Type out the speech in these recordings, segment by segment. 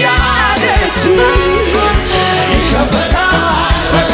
ያለች ይከበታል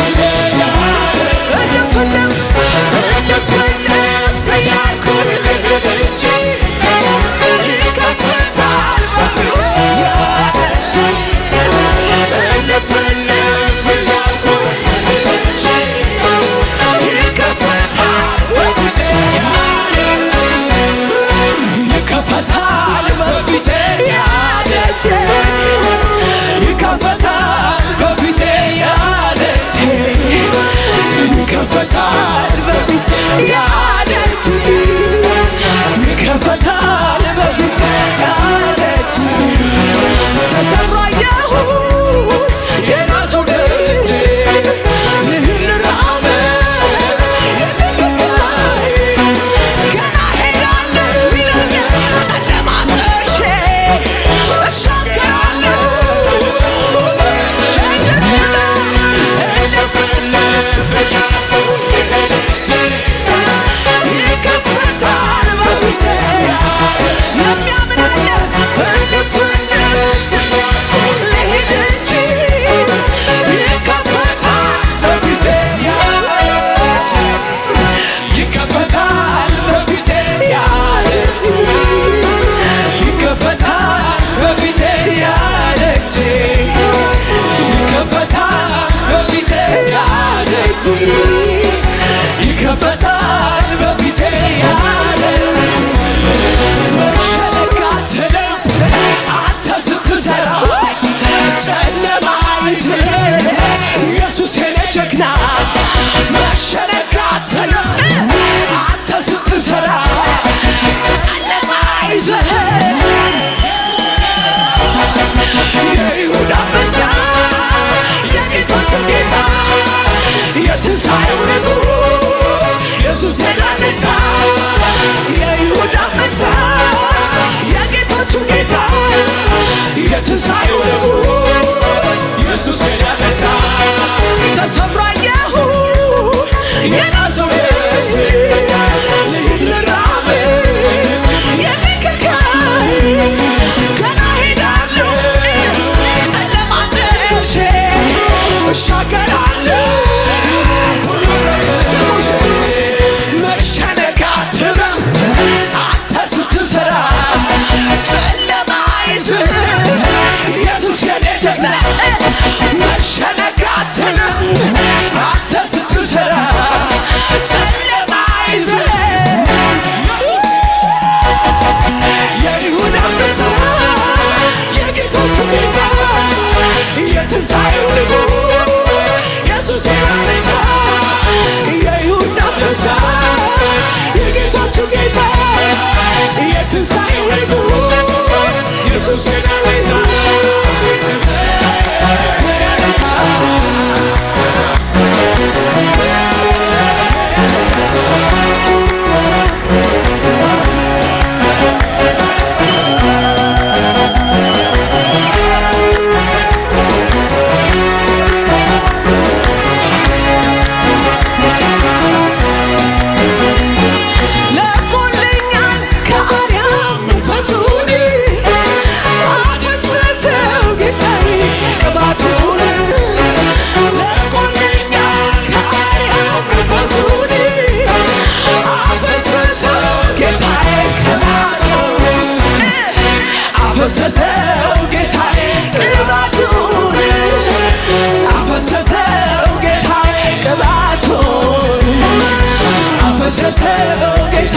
አንተ ጌታ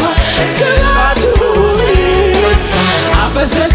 ግባቱ አፈሰስ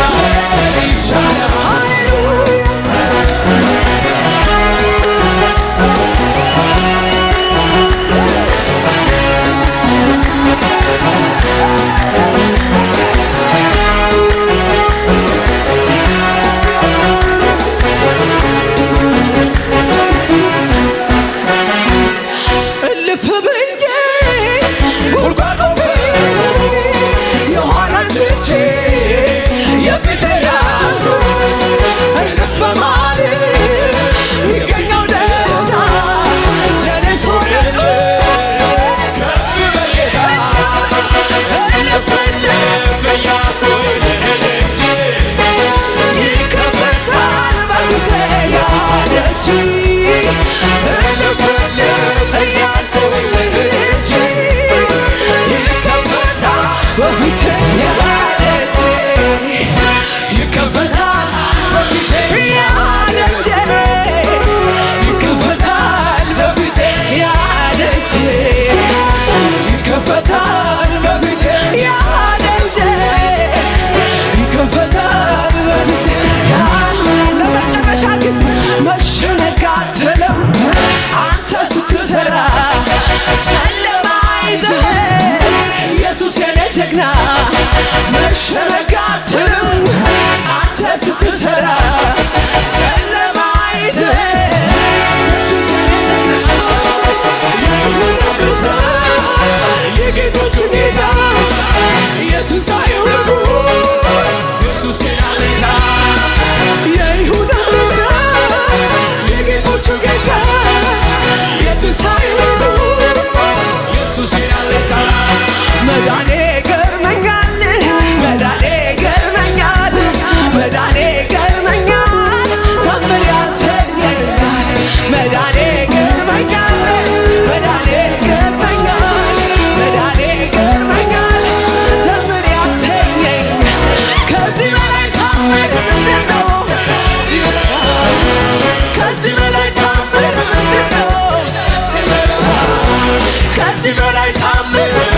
sexy girl like Tommy.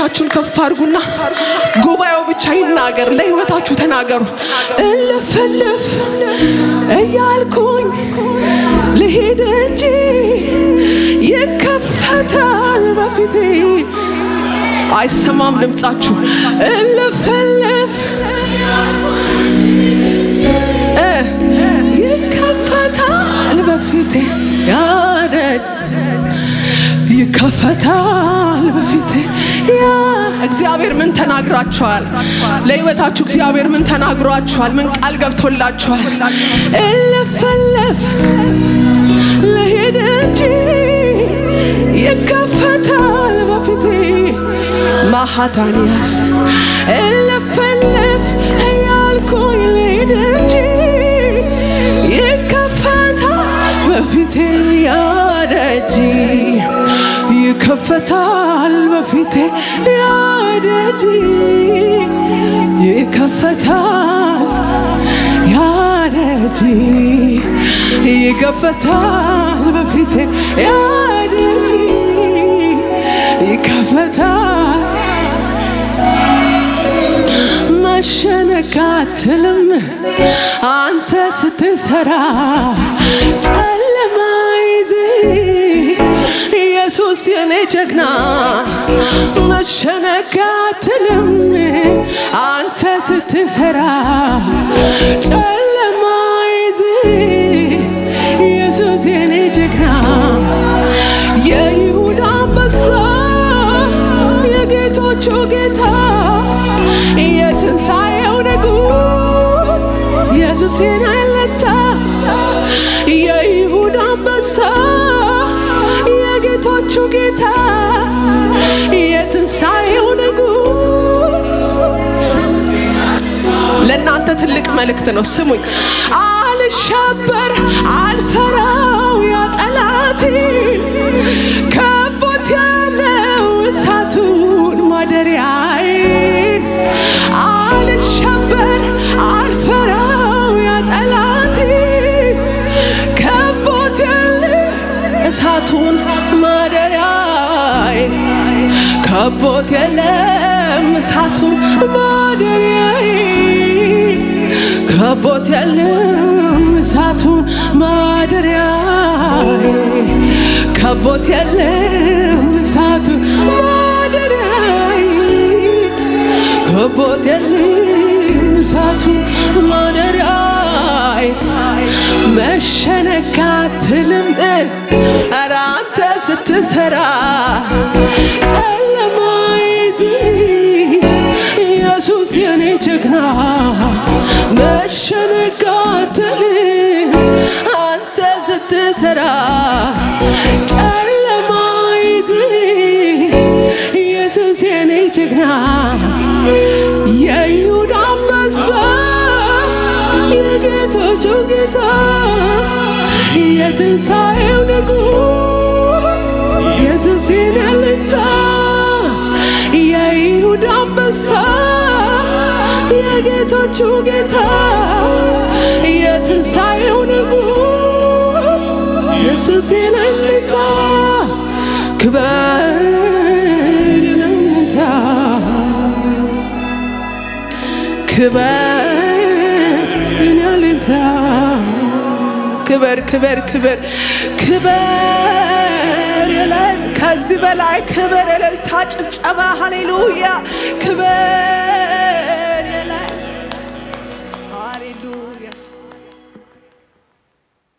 እጆቻችሁን ከፍ አድርጉና ጉባኤው ብቻ ይናገር። ለህይወታችሁ ተናገሩ። እልፍልፍ እያልኩኝ ልሄድ እንጂ ይከፈታል በፊቴ። አይሰማም ድምጻችሁ። እልፍልፍ የከፈታል ይከፈታል በፊቴ ያደጅ ይከፈታል በፊቴ እግዚአብሔር ምን ተናግራችኋል? ለህይወታችሁ እግዚአብሔር ምን ተናግሯችኋል? ምን ቃል ገብቶላችኋል? እለፈለፍ ለሄደ እንጂ ይከፈታል በፊቴ ማሃታንያስ እለፈለፍ እያልኩኝ ለሄደ እንጂ ይከፈታል በፊቴ ያደጂ ይከፈታል በፊቴ ያደጅ ይከፈታል ያደጅ ይከፈታል በፊቴ ያደጅ ይከፈታል መሸነካትልም አንተ ስትሰራ ኢየሱስ የኔ ጀግና መሸነጋትልም አንተ ስትሰራ ጨለማ ይዝ ኢየሱስ የኔ ጀግና የይሁዳ አንበሳ የጌቶቹ ጌታ የትንሣኤው ንጉሥ ኢየሱስ መልእክት ነው። ስሙኝ። አልሸበር አልፈራው ጠላቴ ከቦት ያለው እሳቱን ማደሪያዬን አልሸበር አልፈራው ያጠላቴ ከቦት ያለው እሳቱን ማደሪያዬን ከቦት ያለው እሳቱን ቦት የለም እሳቱን ማደሪያ ከቦት የለም እሳቱን ማደሪያ ከቦት የለም እሳቱን ማደሪያ መሸነካ ኧረ አንተ ስትሰራ ጨለማይዝ ኢየሱስ የኔ ጀግና ለሸነጋተል አንተ ስትሰራ የትንሣኤው ንጉሥ ኢየሱስ የነልታ ክበር ለንታ ክበር ለንታ ክበር ክበር ክበር ክበር የለን ከዚህ በላይ ክበር የለልታ ጭብጨባ ሃሌሉያ ክበር